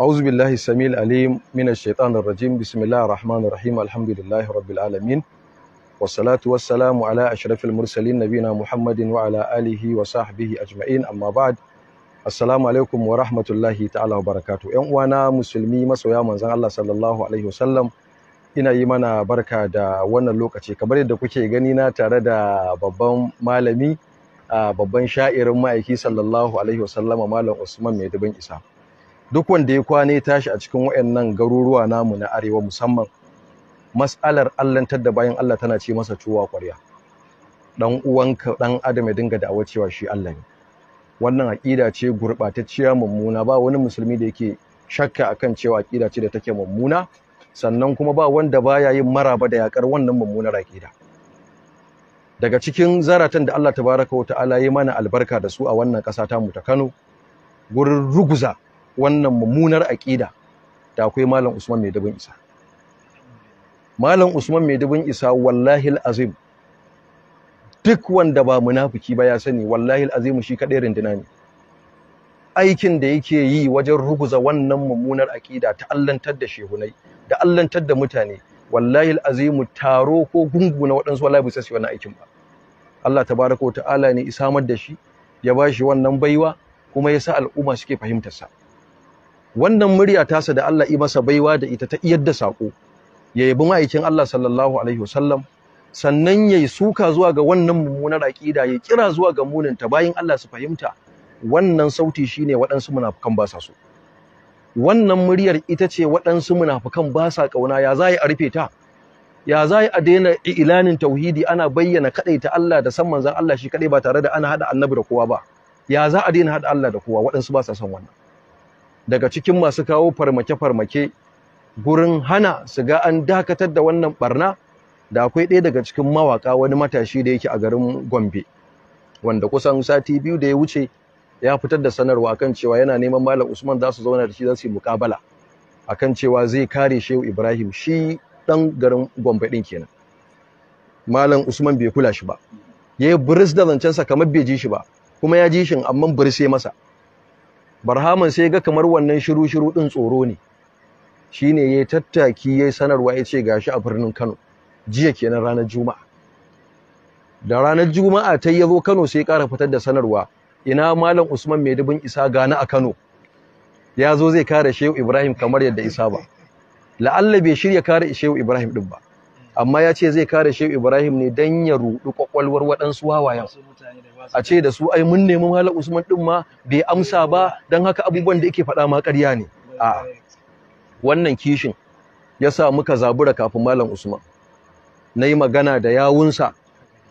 أعوذ بالله السميع العليم من الشيطان الرجيم بسم الله الرحمن الرحيم الحمد لله رب العالمين والصلاة والسلام على أشرف المرسلين نبينا محمد وعلى آله وصحبه أجمعين أما بعد alaikum wa rahmatullahi ta'ala wa barakatu. ‘Yan uwana musulmi masoya manzan Allah sallallahu ina yi mana barka da wannan lokaci kamar yadda kuke gani na tare da babban malami a babban sha'irin ma'aiki sallallahu Alaihi malam Usman mai dubin isa. duk wanda ya kwana kwane tashi a cikin wayannan garuruwa namu na arewa musamman mas'alar allantar da bayan Allah tana ce masa cuwa ƙwarya dan uwanka dan adam ya dinga da'awar cewa shi Allah ne wannan aƙida ce gurbatacciya mummuna ba wani musulmi da yake shakka akan cewa aƙida ce da take mummuna sannan kuma ba wanda baya yin maraba da yakar wannan mummunar aƙida daga cikin zaratan da Allah tabaraka wa ta'ala ya mana albarka da su a wannan kasa ta mu ta Kano gurin ruguza wannan mummunar aƙida da akwai malam Usman mai dubin isa malam Usman mai dubin isa wallahi azim duk wanda ba munafiki ba ya sani wallahi alazim shi kadai rinduna ne aikin da yake yi wajen ruguza wannan mummunar aƙida ta allantar da shehunai da allantar da mutane wallahi azim taro ko gungu na waɗansu wallahi bai sasi wannan aikin ba Allah tabaraka wa ta'ala ne isamar da shi ya bashi wannan baiwa kuma yasa al'umma suke fahimtar sa wannan murya tasa da Allah yi masa baiwa da ita ta yadda sako ya yabi ma'aikin Allah sallallahu alaihi wasallam sannan yayi suka zuwa ga wannan mummunar aqida ya kira zuwa ga muninta bayin Allah su fahimta wannan sauti shine waɗansu munafukan ba sa so wannan muryar ita ce waɗansu munafukan ba sa ƙauna ya za a rufe ta ya za a daina ilanin tauhidi ana bayyana kaɗai ta Allah da san manzon Allah shi kaɗai ba tare da ana haɗa annabi da kowa ba ya za a daina haɗa Allah da kowa waɗansu ba sa son wannan daga cikin masu kawo farmake-farmake gurin hana su ga an dakatar da wannan barna da akwai ɗaya daga cikin mawaka wani matashi da yake a garin Gombe wanda kusan sati biyu da ya wuce ya fitar da sanarwa kan cewa yana neman Malam Usman za su zauna da shi za su yi muƙabala akan cewa zai kare Shehu Ibrahim shi dan garin Gombe din kenan Malam Usman bai kula shi ba yayi buris da zancensa kamar bai ji shi ba kuma ya ji shin amma buris sai masa barhaman sai ga kamar wannan shiru shiru din tsoro ne shine yayi tattaki yayi sanarwa yace gashi a birnin Kano jiya kenan ranar Juma'a da ranar Juma'a ta yazo Kano sai ƙara fitar da sanarwa ina malam Usman Maidubin Isa gana a Kano ya zo zai kare Shehu Ibrahim kamar yadda Isa ba la'alla bai shirya kare Shehu Ibrahim din ba amma ya ce zai kare Shehu Ibrahim ne dan ya rudu kwakwalwar wadansu wawayen a ce da su ai mun nemi malam usman din ma bai amsa ba dan haka abubuwan da yake faɗa ma ƙarya ne a wannan kishin ya sa muka zabura kafin malam usman na yi magana da yawunsa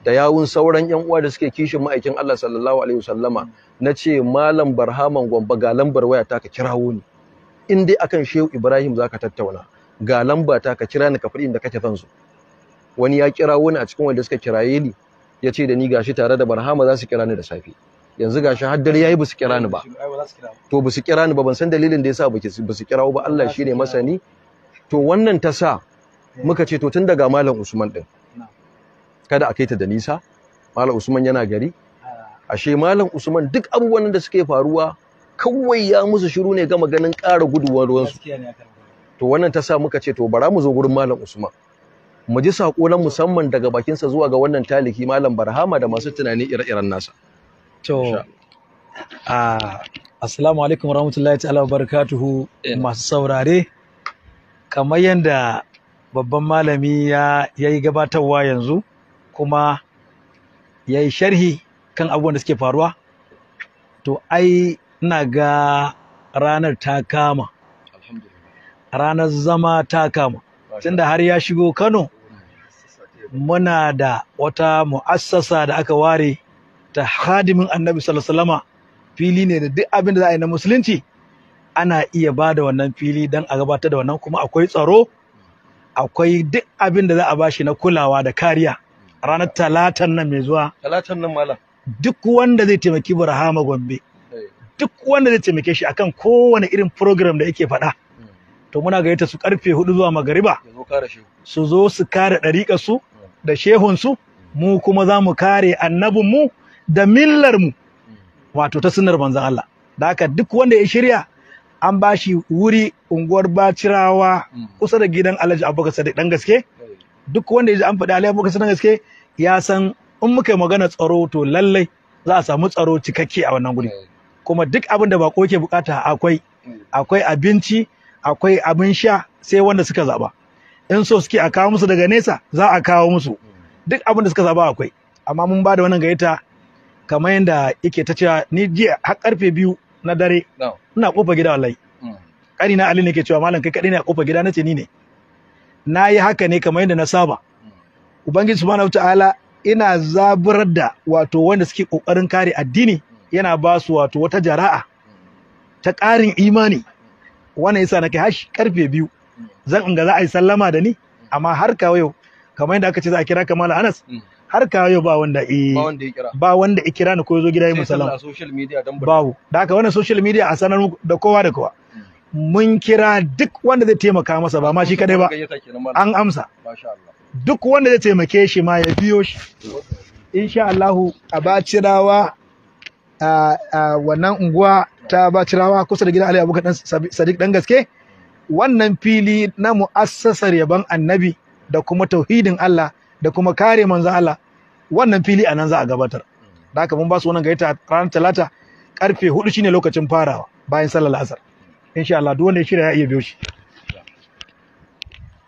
da yawun sauran yan uwa da suke kishin ma'aikin Allah sallallahu alaihi wasallama na ce malam barhaman Gombe, ga lambar waya ta ka kirawo ni in dai akan shehu ibrahim zaka tattauna ga lamba ta ka kira ni ka faɗi inda kake son su wani ya kirawo ni a cikin wanda suka kiraye ni ya ce da ni gashi tare da barhama za su kira ni da safe yanzu gashi har dare yayi su kira ni ba to su kira ni ba ban san dalilin da yasa basu kira ba Allah shine masani to wannan ta sa muka ce to tun daga malam Usman din kada a kai ta da nisa malam Usman yana gari ashe malam Usman duk abubuwan da suke faruwa kawai ya musu shiru ne ga maganin ƙara guduwar ruwansu to wannan ta sa muka ce to bara mu zo gurin malam Usman mu ji sako na musamman daga bakinsa zuwa ga wannan taliki malam barhama da masu tunani ire-iren nasa to a assalamu alaikum warahmatullahi ta'ala barakatuhu eh. masu saurare kamar yadda babban malami ya yi gabatarwa yanzu kuma yayi sharhi kan abubuwan da suke faruwa to ai ina ga ranar ta kama ranar zama ta kama tunda har ya shigo kano muna da wata mu'assasa da aka ware ta hadimin annabi sallallahu fili ne da duk abin da za a yi na musulunci ana iya ba da wannan fili don a gabatar da wannan kuma akwai tsaro akwai duk abin da za a bashi na kulawa da kariya ranar talatan nan mai zuwa talatan nan malam duk wanda zai taimaki burhama gombe eh. duk wanda zai taimake shi akan kowane irin program da yake faɗa hmm. to muna gayyata su karfe hudu zuwa magariba su zo su kare ɗariƙa su da shehunsu mu kuma za mu kare annabinmu da millarmu wato ta sunar manzan Allah da haka duk wanda ya shirya an ba shi wuri unguwar bacirawa kusa da gidan alhaji abubakar sadiq dan gaske duk wanda an faɗi alhaji abubakar sadiq dan gaske ya san in muka yi magana tsaro to lallai za a samu tsaro cikakke a wannan guri kuma duk abin da bako ke bukata akwai akwai abinci akwai abin sha sai wanda suka zaba in so suke a kawo musu daga nesa za a kawo musu duk abin da suka saba akwai amma mun ba da wannan gaita kamar yadda yake ta cewa ni jiya har karfe biyu na dare ina kofa gida wallahi kani mm. na Ali ne ke cewa malam kai kadai ne a kofa gida nace ni ne na yi haka ne kamar yadda na saba mm. ubangiji subhanahu ta'ala ina zaburar da wato wanda suke kokarin kare addini yana ba su wato wata jara'a mm. ta karin imani wannan yasa na kai karfe biyu zan in ga za a yi sallama da ni mm. amma har kawo yau kamar yadda aka ce za a kira kamala anas mm. har kawo yau ba wanda ba wanda i kira ni ko ya zo gida yi musallama babu da haka wannan social media a sanar da kowa da kowa mm. mun kira duk wanda zai taimaka masa ba ma shi kadai ba an amsa duk wanda zai taimake shi ma ya biyo shi insha Allahu a bacirawa a wannan unguwa ta bacirawa kusa da gidan Ali Abubakar Sadiq dan gaske wannan fili na mu'assasar yaban annabi da kuma tauhidin Allah da kuma kare manzon Allah wannan fili a nan za a gabatar da haka mun ba su wannan gaita ranar talata karfe hudu shine lokacin farawa bayan sallar asar insha Allah duk wanda ya shirya ya iya biyo shi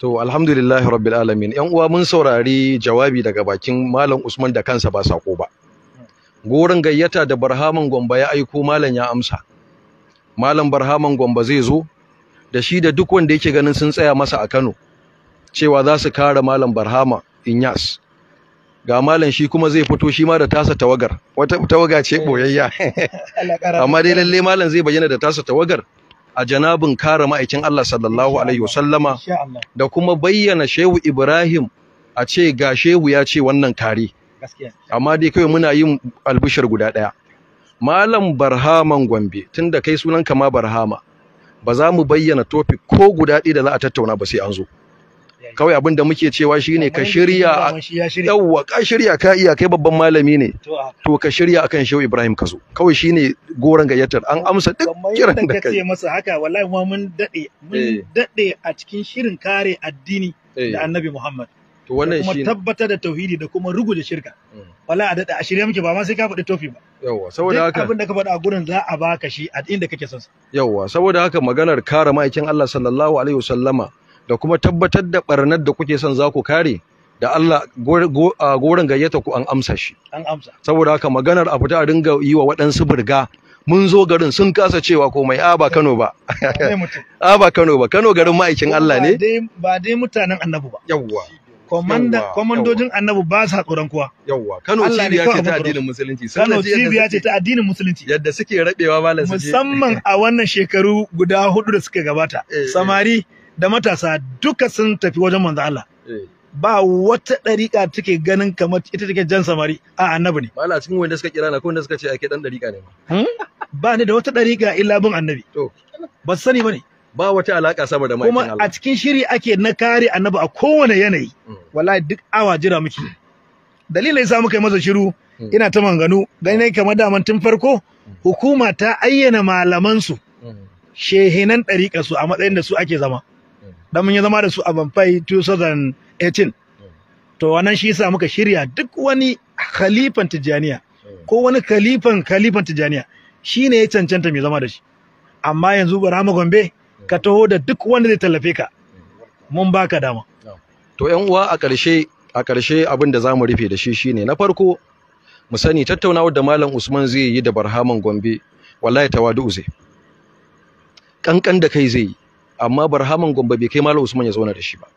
To alhamdulillah rabbil alamin ‘yan uwa mun saurari jawabi daga bakin Malam Usman da kansa ba sako ba. Gorin gayyata da Barhaman Gomba ya aiko Malam ya amsa. Malam Barhaman Gomba zai zo da shi da duk wanda yake ganin sun tsaya masa a Kano cewa za su kare malam Barhama Inyas ga malam shi kuma zai fito shi ma da tasa tawagar wata tawaga ce eh. boyayya amma dai lalle malam zai bayyana da tasa tawagar a janabin kare ma'aikin Allah sallallahu alaihi wasallama da kuma bayyana Shehu Ibrahim a ce ga Shehu ya ce wannan kare amma dai kawai muna yin albishir guda daya malam Barhaman Gombe tunda kai sunan kama Barhama ba za mu bayyana topic ko guda ɗaya da za a tattauna ba sai an zo kawai abin da muke cewa shine ka shirya yawwa ka shirya ka iya kai babban malami ne to ka shirya akan Shehu Ibrahim ka zo kawai shine goran gayyatar an amsa duk kiran da kai ce masa haka wallahi mun mun eh. daɗe a cikin shirin kare addini eh. da Annabi Muhammad to wannan shi tabbatar da tauhidi da kuma rugu da shirka mm. wala a dada a shirye muke ba ma sai ka faɗi tofi ba yawa saboda haka abin da ka faɗa a gurin za a baka shi a inda kake son sa yawa saboda haka maganar kare ma'aikin Allah sallallahu alaihi wasallama da kuma tabbatar da barnar da kuke son za ku kare da Allah gurin gayyata ku an amsa shi an amsa saboda haka maganar a fita a dinga yi wa waɗansu burga mun zo garin sun kasa cewa komai a ba Kano ba a ba Kano ba Kano garin ma'aikin Allah ne ba dai mutanen annabi ba yawwa komandojin annabi ba sa tsoron kuwa yawwa Kano cibiya ce ta addinin musulunci Kano cibiya ce ta addinin musulunci yadda suke rabewa malam musamman a wannan shekaru guda hudu da suka gabata eh, eh. samari da matasa duka sun tafi wajen manzo Allah eh. ba wata ɗariƙa take ganin kamar ita take jan samari a annabi ne ba cikin wanda suka kira na ko wanda suka ce ake dan ɗariƙa ne hmm? ba ni da wata ɗariƙa illa bin annabi to ba sani bane ba wata alaka ma'aikatan Allah kuma a cikin shiri ake na kare annabi a kowane yanayi mm. wallahi duk awa jira muke dalilai sa muka yi masa shiru mm. ina ta manganu gani kamar daman tun farko mm. hukuma ta ayyana malaman su shehinan ɗariƙa su a matsayin da su ake zama dan mun yi zama da su a Banfai 2018 to wannan shi yasa muka shirya duk wani khalifan Tijjaniya ko wani khalifan khalifan Tijjaniya shine ya cancanta mai zama da shi amma yanzu bara mu Gombe ka taho da duk wanda zai tallafe ka mun baka dama to yan uwa a ƙarshe a ƙarshe abin da zamu rufe da shi shine na farko mu sani tattaunawar da malam Usman zai yi da Barhaman Gombe wallahi tawadu zai kankan da kai zai yi amma Barhaman Gombe bai kai malam Usman ya zauna da shi ba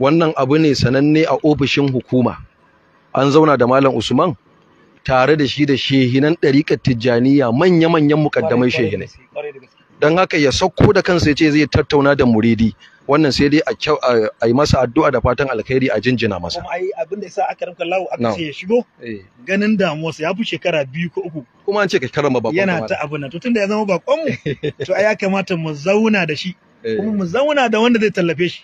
wannan abu ne sananne a ofishin hukuma an zauna da malam Usman tare da shi da shehinan ɗariƙar Tijjaniya manya-manyan mukaddamai shehinai don haka ya sauko da kansa ya ce zai tattauna da muridi wannan sai dai a yi masa addu'a da fatan alkhairi a jinjina masa kuma ai abin da yasa aka ranka lawo aka ce ya shigo eh. ganin damuwarsa ya fi shekara biyu ko uku kuma an ce ka karama bakon yana ta abin nan to tunda ya zama bakon mu to ai ya kamata mu zauna da shi eh. kuma mu zauna da wanda zai tallafe shi